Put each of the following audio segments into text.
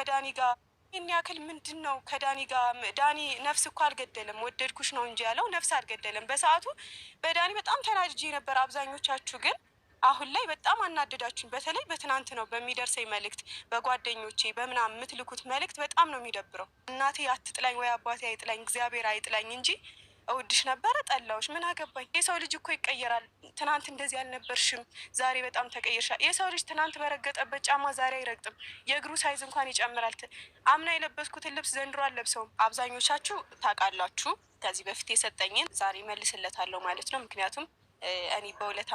ከዳኒ ጋር ይህን ያክል ምንድን ነው? ከዳኒ ጋር ዳኒ ነፍስ እኮ አልገደለም፣ ወደድኩሽ ነው እንጂ ያለው ነፍስ አልገደለም። በሰዓቱ በዳኒ በጣም ተናድጄ ነበር። አብዛኞቻችሁ ግን አሁን ላይ በጣም አናደዳችሁኝ። በተለይ በትናንት ነው በሚደርሰኝ መልእክት፣ በጓደኞቼ በምናምን የምትልኩት መልእክት በጣም ነው የሚደብረው። እናቴ አትጥላኝ ወይ አባቴ አይጥላኝ እግዚአብሔር አይጥላኝ እንጂ እውድሽ ነበረ ጠላዎች፣ ምን አገባኝ። የሰው ልጅ እኮ ይቀየራል። ትናንት እንደዚህ አልነበርሽም፣ ዛሬ በጣም ተቀይርሻል የሰው ልጅ ትናንት በረገጠበት ጫማ ዛሬ አይረግጥም። የእግሩ ሳይዝ እንኳን ይጨምራል። አምና የለበስኩትን ልብስ ዘንድሮ አለብሰውም አብዛኞቻችሁ ታውቃላችሁ። ከዚህ በፊት የሰጠኝን ዛሬ መልስለታለሁ ማለት ነው። ምክንያቱም እኔ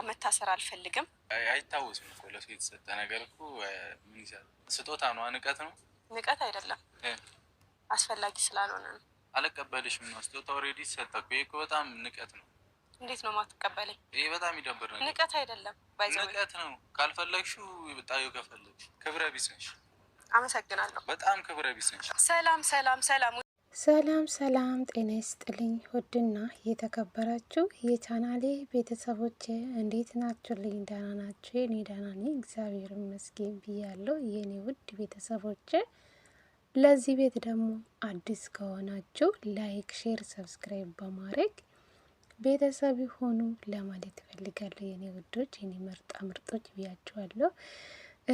አመት ታሰር አልፈልግም። አይታወስም እኮ ለሱ የተሰጠ ነገር እኮ ምን ይዛል? ስጦታ ነው፣ ንቀት ነው። ንቀት አይደለም፣ አስፈላጊ ስላልሆነ ነው። አልቀበልሽም ነው ስጦታ ኦልሬዲ ሰጠኩ። ይሄ እኮ በጣም ንቀት ነው። እንዴት ነው ማትቀበለኝ? ይሄ በጣም ይደብር ነው። ንቀት አይደለም ንቀት ነው። ካልፈለግሽው ጣዩ ከፈለግሽ ክብረ ቢስ ነሽ። አመሰግናለሁ። በጣም ክብረ ቢስ ነሽ። ሰላም ሰላም ሰላም ሰላም ሰላም፣ ጤና ይስጥልኝ ውድና የተከበራችሁ የቻናሌ ቤተሰቦች እንዴት ናችሁልኝ? ደህና ናችሁ? እኔ ደህና ነኝ፣ እግዚአብሔር ይመስገን ብያለሁ የኔ ውድ ቤተሰቦች ለዚህ ቤት ደግሞ አዲስ ከሆናችሁ ላይክ፣ ሼር፣ ሰብስክራይብ በማድረግ ቤተሰብ ሆኑ ለማለት እፈልጋለሁ። የኔ ውዶች፣ የኔ ምርጣ ምርጦች ብያችኋለሁ።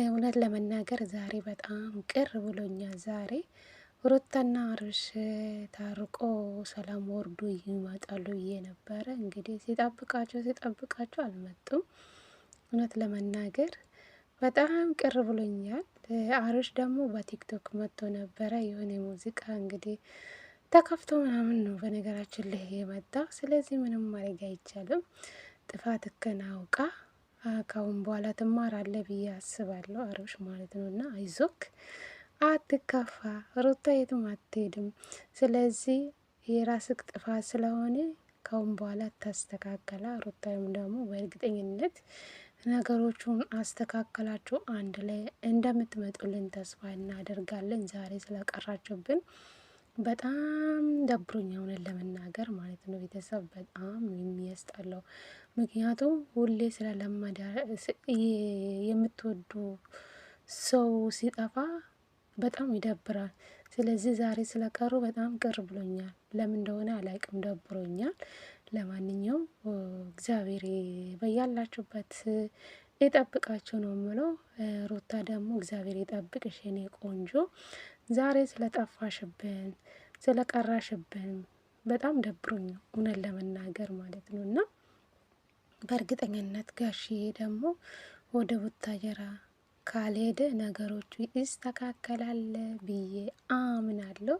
እውነት ለመናገር ዛሬ በጣም ቅር ብሎኛ። ዛሬ ሩታና አብርሽ ታርቆ ሰላም ወርዶ ይመጣሉ ብዬ ነበረ። እንግዲህ ሲጠብቃቸው ሲጠብቃቸው አልመጡም። እውነት ለመናገር በጣም ቅር ብሎኛል። አብርሽ ደግሞ በቲክቶክ መጥቶ ነበረ የሆነ ሙዚቃ እንግዲህ ተከፍቶ ምናምን ነው በነገራችን ላይ የመጣ። ስለዚህ ምንም ማድረግ አይቻልም። ጥፋት እከናውቃ አውቃ ካሁን በኋላ ትማራለ ብዬ አስባለሁ። አብርሽ ማለት ነው እና አይዞክ፣ አትከፋ፣ ሩታ የትም አትሄድም። ስለዚህ የራስክ ጥፋት ስለሆነ ካሁን በኋላ ታስተካከላ። ሩታም ደግሞ በእርግጠኝነት ነገሮቹን አስተካከላችሁ አንድ ላይ እንደምትመጡልን ተስፋ እናደርጋለን። ዛሬ ስለቀራችሁብን በጣም ደብሮኝ ሆነን ለመናገር ማለት ነው ቤተሰብ በጣም የሚያስጠላው ምክንያቱም ሁሌ ስለለመደ የምትወዱ ሰው ሲጠፋ በጣም ይደብራል። ስለዚህ ዛሬ ስለቀሩ በጣም ቅር ብሎኛል። ለምን እንደሆነ አላቅም፣ ደብሮኛል። ለማንኛውም እግዚአብሔር በያላችሁበት የጠብቃችሁ ነው የምለው። ሩታ ደግሞ እግዚአብሔር የጠብቅሽ የኔ ቆንጆ። ዛሬ ስለጠፋሽብን ስለቀራሽብን በጣም ደብሮኝ ነው እውነት ለመናገር ማለት ነው። እና በእርግጠኝነት ጋሽዬ ደግሞ ወደ ቡታጀራ ካልሄደ ነገሮቹ ይስተካከላል ብዬ አምናለሁ።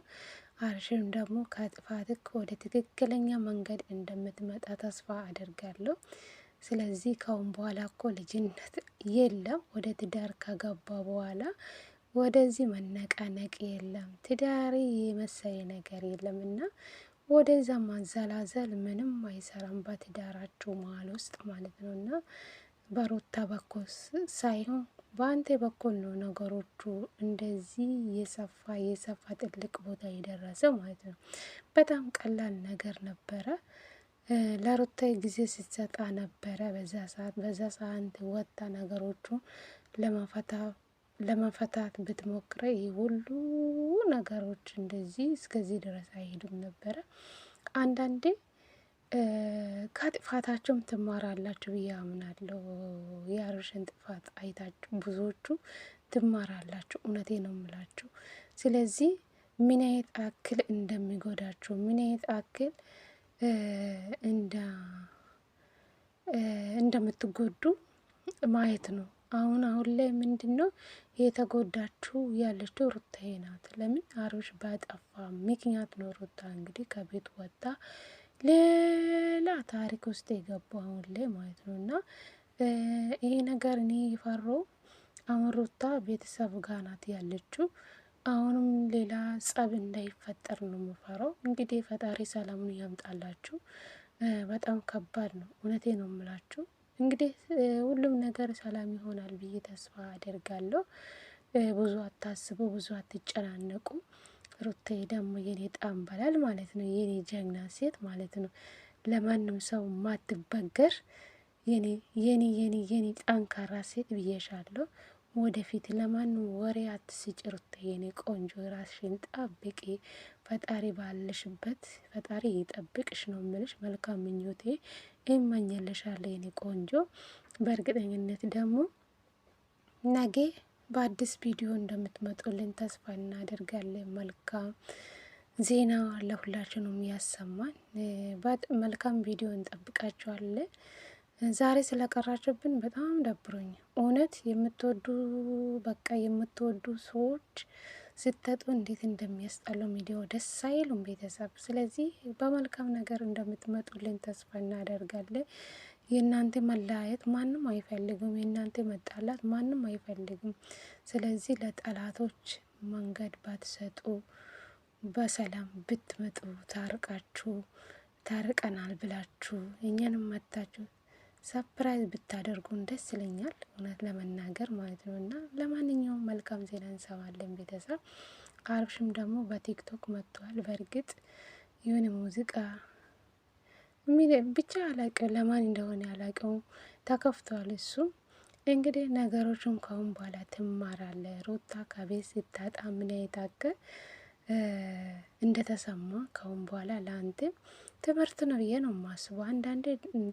አርሽም ደግሞ ከጥፋትክ ወደ ትክክለኛ መንገድ እንደምትመጣ ተስፋ አደርጋለሁ። ስለዚህ ካሁን በኋላ እኮ ልጅነት የለም። ወደ ትዳር ከገባ በኋላ ወደዚህ መነቃነቅ የለም። ትዳሪ የመሰለ ነገር የለም እና ወደዛ ማዘላዘል ምንም አይሰራም። በትዳራችሁ መሀል ውስጥ ማለት ነው እና በሩታ በኩል ሳይሆን በአንተ በኩል ነው ነገሮቹ እንደዚህ የሰፋ የሰፋ ትልቅ ቦታ የደረሰ ማለት ነው። በጣም ቀላል ነገር ነበረ። ለሩታ ጊዜ ስትሰጣ ነበረ። በዛ ሰዓት በዛ ሰዓት ወጣ ነገሮቹ ለመፈታት ብትሞክረ ይህ ሁሉ ነገሮች እንደዚህ እስከዚህ ድረስ አይሄዱም ነበረ አንዳንዴ ከጥፋታቸውም ትማራላችሁ ብዬ አምናለሁ። የአብርሽን ጥፋት አይታችሁ ብዙዎቹ ትማራላችሁ። እውነቴ ነው ምላችሁ። ስለዚህ ምን አይነት አክል እንደሚጎዳችሁ ምን አይነት አክል እንደምትጎዱ ማየት ነው። አሁን አሁን ላይ ምንድን ነው የተጎዳችሁ ያለችው ሩታዬ ናት። ለምን አብርሽ ባጠፋ ምክንያት ነው ሩታ እንግዲህ ከቤት ወጣ ሌላ ታሪክ ውስጥ የገቡ አሁን ላይ ማለት ነው። እና ይህ ነገር እኔ የፈራው አመሮታ ቤተሰብ ጋር ናት ያለችው። አሁንም ሌላ ጸብ እንዳይፈጠር ነው የምፈራው። እንግዲህ ፈጣሪ ሰላሙን ያምጣላችሁ። በጣም ከባድ ነው፣ እውነቴ ነው የምላችሁ። እንግዲህ ሁሉም ነገር ሰላም ይሆናል ብዬ ተስፋ አደርጋለሁ። ብዙ አታስቡ፣ ብዙ አትጨናነቁ። ሩቴ ደግሞ የኔ ጠንበላል ማለት ነው፣ የኔ ጀግና ሴት ማለት ነው። ለማንም ሰው ማትበገር የኔ የኔ የኔ ጠንካራ ሴት ብዬሻለሁ። ወደፊት ለማንም ወሬ አትስጭ ሩቴ የኔ ቆንጆ፣ ራስሽን ጠብቂ። ፈጣሪ ባለሽበት ፈጣሪ ይጠብቅሽ ነው ምልሽ። መልካም ምኞቴ እመኝልሻለሁ የኔ ቆንጆ። በእርግጠኝነት ደግሞ ነገ በአዲስ ቪዲዮ እንደምትመጡልን ተስፋ እናደርጋለን። መልካም ዜና ለሁላችንም ያሰማን። መልካም ቪዲዮ እንጠብቃችኋለን። ዛሬ ስለቀራችሁብን በጣም ደብሮኝ እውነት የምትወዱ በቃ የምትወዱ ሰዎች ስተጡ እንዴት እንደሚያስጠላው ሚዲዮ ደስ አይሉም ቤተሰብ። ስለዚህ በመልካም ነገር እንደምትመጡልን ተስፋ እናደርጋለን። የእናንተ መለያየት ማንም አይፈልግም። የእናንተ መጣላት ማንም አይፈልግም። ስለዚህ ለጠላቶች መንገድ ባትሰጡ፣ በሰላም ብትመጡ፣ ታርቃችሁ ታርቀናል ብላችሁ እኛንም መታችሁ ሰፕራይዝ ብታደርጉን ደስ ይለኛል፣ እውነት ለመናገር ማለት ነው። እና ለማንኛውም መልካም ዜና እንሰማለን ቤተሰብ። አብርሽም ደግሞ በቲክቶክ መጥቷል። በእርግጥ የሆነ ሙዚቃ ብቻ አላውቅም፣ ለማን እንደሆነ ያላቀው ተከፍቷል እሱ እንግዲህ ነገሮችን ካሁን በኋላ ትማራለ። ሩታ ከቤት ስታጣ ምን የታቀ እንደተሰማ ካሁን በኋላ ለአንተ ትምህርት ነው ብዬ ነው ማስቡ። አንዳንዴ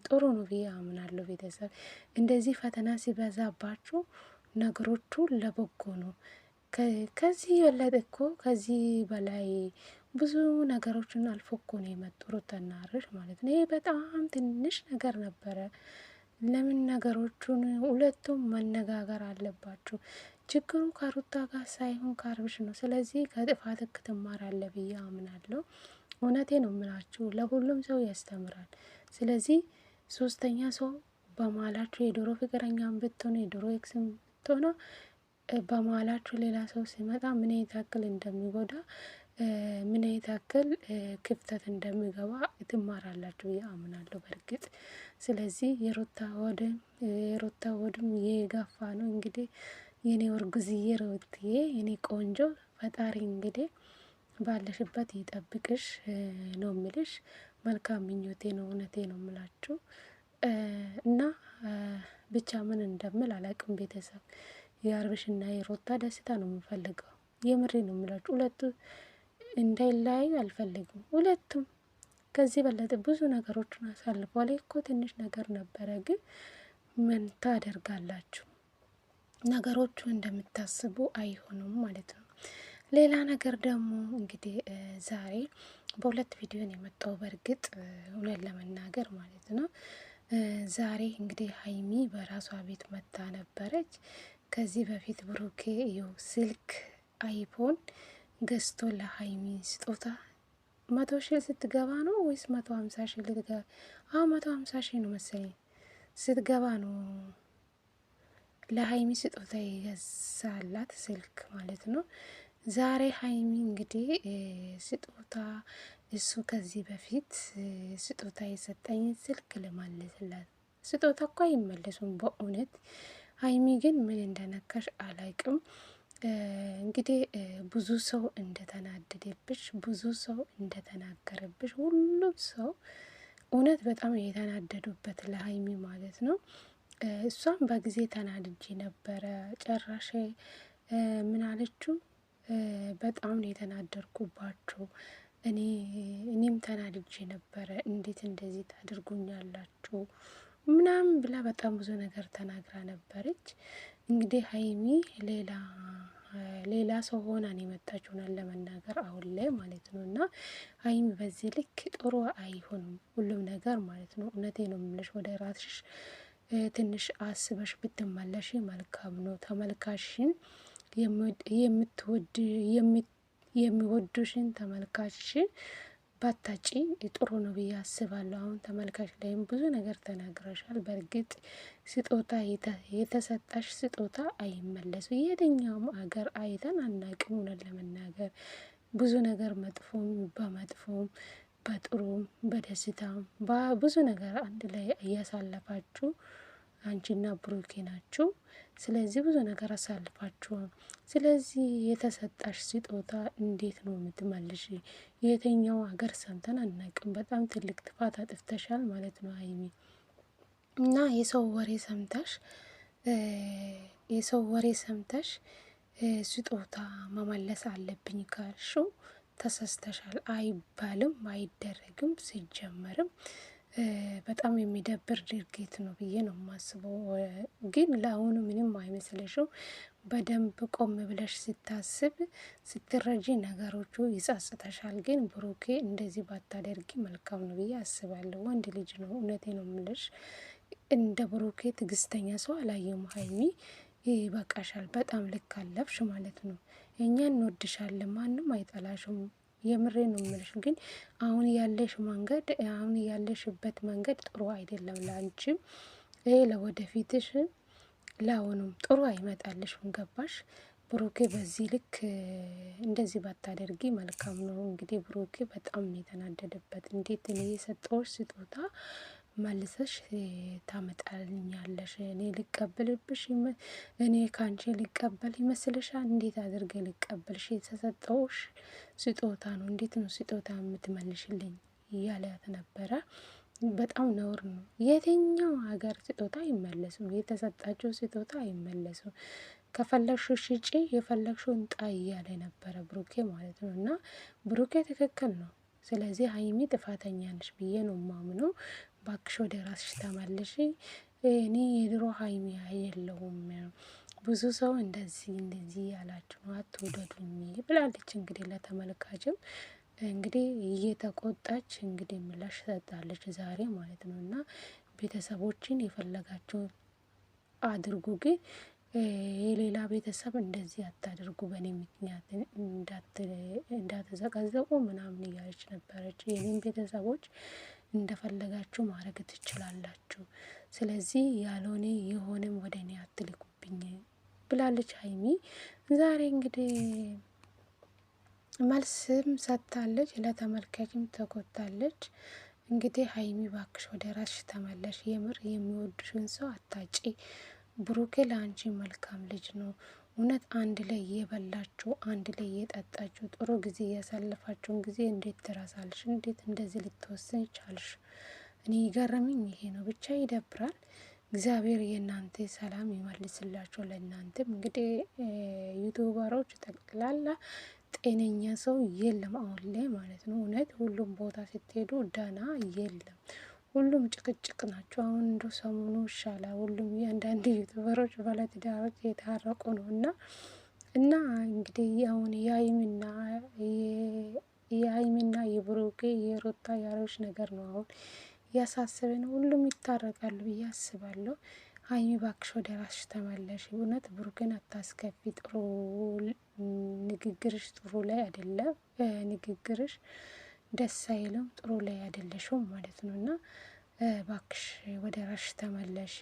ጥሩ ነው ብዬ አምናለሁ። ቤተሰብ እንደዚህ ፈተና ሲበዛባችሁ ነገሮቹ ለበጎ ነው። ከዚህ የበለጠ እኮ ከዚህ በላይ ብዙ ነገሮችን አልፎ እኮ ነው የመጡ ሩታና አብርሽ ማለት ነው። ይሄ በጣም ትንሽ ነገር ነበረ። ለምን ነገሮቹን ሁለቱም መነጋገር አለባችሁ። ችግሩ ከሩታ ጋር ሳይሆን ከአብርሽ ነው። ስለዚህ ከጥፋት አለ ብዬ አምናለሁ። እውነቴ ነው የምላችሁ፣ ለሁሉም ሰው ያስተምራል። ስለዚህ ሶስተኛ ሰው በማላችሁ የድሮ ፍቅረኛም ብትሆነ የድሮ ኤክስም ብትሆነ በማላችሁ ሌላ ሰው ሲመጣ ምን ያክል እንደሚጎዳ ምን አይነት ያክል ክፍተት እንደሚገባ ትማራላችሁ ብዬ አምናለሁ። በርግጥ ስለዚህ የሮታ ሆድም የሮታ ሆድም የጋፋ ነው። እንግዲህ የኔ ወርጉዝዬ ሩትዬ የኔ ቆንጆ ፈጣሪ እንግዲህ ባለሽበት ይጠብቅሽ ነው ምልሽ። መልካም ምኞቴ ነው፣ እውነቴ ነው ምላችሁ እና ብቻ ምን እንደምል አላቅም። ቤተሰብ የአብርሽና የሩታ ደስታ ነው የምፈልገው። የምሬ ነው ምላችሁ ሁለቱ እንዳይለያዩ አልፈልግም። ሁለቱም ከዚህ በለጠ ብዙ ነገሮችን አሳልፏል እኮ ትንሽ ነገር ነበረ፣ ግን ምን ታደርጋላችሁ? ነገሮቹ እንደምታስቡ አይሆኑም ማለት ነው። ሌላ ነገር ደግሞ እንግዲህ ዛሬ በሁለት ቪዲዮን የመጣው በእርግጥ እውነት ለመናገር ማለት ነው። ዛሬ እንግዲህ ሀይሚ በራሷ ቤት መታ ነበረች። ከዚህ በፊት ብሩኬ ይኸው ስልክ አይፎን ገዝቶ ለሀይሚ ስጦታ መቶ ሺ ስትገባ ነው ወይስ መቶ ሀምሳ ሺ ልትገባ? አዎ መቶ ሀምሳ ሺ ነው መሰለኝ ስትገባ ነው ለሀይሚ ስጦታ የገዛላት ስልክ ማለት ነው። ዛሬ ሀይሚ እንግዲህ ስጦታ እሱ ከዚህ በፊት ስጦታ የሰጠኝ ስልክ ልመልስላት። ስጦታ እኮ አይመለሱም በእውነት ሀይሚ ግን ምን እንደነካሽ አላቅም። እንግዲህ ብዙ ሰው እንደተናደደብሽ ብዙ ሰው እንደተናገረብሽ ሁሉም ሰው እውነት በጣም የተናደዱበት ለሀይሚ ማለት ነው። እሷም በጊዜ ተናድጄ ነበረ። ጨራሽ ምን አለችው? በጣም ነው የተናደርኩባችሁ። እኔም ተናድጄ ነበረ። እንዴት እንደዚህ ታድርጉኛላችሁ? ምናምን ብላ በጣም ብዙ ነገር ተናግራ ነበረች። እንግዲህ ሀይሚ ሌላ ሌላ ሰው ሆና ነው ለመናገር አሁን ላይ ማለት ነው። እና ሀይሚ በዚህ ልክ ጥሩ አይሆንም ሁሉም ነገር ማለት ነው። እውነቴ ነው የምልሽ ወደ ራስሽ ትንሽ አስበሽ ብትመለሽ መልካም ነው። ተመልካሽን የሚወዱሽን ተመልካሽን ባታጪ ጥሩ ነው ብዬ አስባለሁ። አሁን ተመልካች ላይም ብዙ ነገር ተናግረሻል። በእርግጥ ስጦታ የተሰጣሽ ስጦታ አይመለስም። የትኛውም አገር አይተን አናቅም። እውነት ለመናገር ብዙ ነገር መጥፎም በመጥፎም በጥሩም በደስታም ብዙ ነገር አንድ ላይ እያሳለፋችሁ አንቺና ብሩኬ ናችሁ። ስለዚህ ብዙ ነገር አሳልፋችኋል። ስለዚህ የተሰጣሽ ስጦታ እንዴት ነው የምትመልሽ? የትኛው ሀገር ሰምተን አናቅም። በጣም ትልቅ ጥፋት አጥፍተሻል ማለት ነው ሀይሚ እና የሰው ወሬ ሰምተሽ የሰው ወሬ ሰምተሽ ስጦታ መመለስ አለብኝ ካልሽው ተሰስተሻል። አይባልም፣ አይደረግም ሲጀመርም በጣም የሚደብር ድርጊት ነው ብዬ ነው የማስበው። ግን ለአሁኑ ምንም አይመስለሽም። በደንብ ቆም ብለሽ ስታስብ ስትረጂ ነገሮቹ ይጸጽተሻል። ግን ብሩኬ እንደዚህ ባታደርጊ መልካም ነው ብዬ አስባለሁ። ወንድ ልጅ ነው፣ እውነቴ ነው ምለሽ። እንደ ብሩኬ ትግስተኛ ሰው አላየሁም ሀይሚ። ይበቃሻል። በጣም ልክ አለፍሽ ማለት ነው። እኛ እንወድሻለን፣ ማንም አይጠላሽም። የምሬ ነው የምልሽ። ግን አሁን ያለሽ መንገድ አሁን ያለሽበት መንገድ ጥሩ አይደለም ለአንቺም ለወደፊትሽ ለአሁኑም ጥሩ አይመጣልሽም። ገባሽ ብሩኬ? በዚህ ልክ እንደዚህ ባታደርጊ መልካም ነው። እንግዲህ ብሩኬ በጣም የተናደደበት እንዴት እኔ የሰጠዎች ስጦታ መልሰሽ ታመጣልኛለሽ። እኔ ልቀበልብሽ እኔ ካንቺ ልቀበል ይመስልሻል? እንዴት አድርገ ልቀበልሽ? የተሰጠውሽ ስጦታ ነው። እንዴት ነው ስጦታ የምትመልሽልኝ? እያላት ነበረ። በጣም ነውር ነው። የትኛው ሀገር ስጦታ አይመለሱም። የተሰጣቸው ስጦታ አይመለሱም። ከፈለግሽው ሽጪ የፈለግሽውን ጣይ እያለ ነበረ ብሩኬ ማለት ነው። እና ብሩኬ ትክክል ነው። ስለዚህ ሀይሚ ጥፋተኛ ነሽ ብዬ ነው ማምነው። ባክሽ ወደ ራስሽ እኔ የድሮ ሀይሚ የለውም ብዙ ሰው እንደዚህ እንደዚህ ያላችሁ አትውደዱኝ ብላለች። እንግዲህ ለተመልካችም እንግዲህ እየተቆጣች እንግዲህ ምላሽ ሰጣለች ዛሬ ማለት ነው እና ቤተሰቦችን የፈለጋችሁ አድርጉ ግን የሌላ ቤተሰብ እንደዚህ አታደርጉ፣ በእኔ ምክንያት እንዳትዘቀዘቁ ምናምን እያለች ነበረች። የኔም ቤተሰቦች እንደፈለጋችሁ ማድረግ ትችላላችሁ፣ ስለዚህ ያልሆነ የሆነም ወደ እኔ አትልኩብኝ ብላለች ሀይሚ። ዛሬ እንግዲህ መልስም ሰጥታለች፣ ለተመልካችም ተቆጣለች። እንግዲህ ሀይሚ ባክሽ ወደ ራስሽ ተመለሽ፣ የምር የሚወዱሽን ሰው አታጪ ብሩኬ ለአንቺ መልካም ልጅ ነው። እውነት አንድ ላይ እየበላችሁ አንድ ላይ እየጠጣችሁ ጥሩ ጊዜ እያሳለፋችሁን ጊዜ እንዴት ትረሳለሽ? እንዴት እንደዚህ ልትወስን ቻልሽ? እኔ ይገረምኝ ይሄ ነው። ብቻ ይደብራል። እግዚአብሔር የእናንተ ሰላም ይመልስላቸው። ለእናንተም እንግዲህ ዩቱበሮች ጠቅላላ ጤነኛ ሰው የለም አሁን ላይ ማለት ነው። እውነት ሁሉም ቦታ ስትሄዱ ደህና የለም። ሁሉም ጭቅጭቅ ናቸው። አሁን እንደው ሰሞኑ ይሻላል ሁሉም እያንዳንድ ዩቱበሮች ባለትዳሮች የታረቁ ነው እና እና እንግዲህ አሁን የሀይሚና የሀይሚና የብሩኬ የሩታ ያሮች ነገር ነው አሁን ነው። ሁሉም ይታረቃሉ ብዬ አስባለሁ። ሀይሚ ባክሽ ወደ ራስሽ ተመለሽ። እውነት ብሩኬን አታስከፊ። ጥሩ ንግግርሽ ጥሩ ላይ አይደለም ንግግርሽ ደስ አይልም። ጥሩ ላይ አይደለሽም ማለት ነው እና ባክሽ ወደ ራሽ ተመለሺ።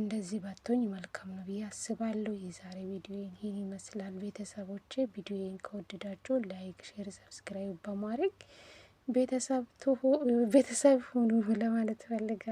እንደዚህ ባትሆኝ መልካም ነው ብዬ አስባለሁ። የዛሬ ቪዲዮ ይህን ይመስላል። ቤተሰቦቼ ቪዲዮን ከወደዳችሁ ላይክ፣ ሼር፣ ሰብስክራይብ በማድረግ ቤተሰብ ሁኑ ለማለት ፈልጋለሁ።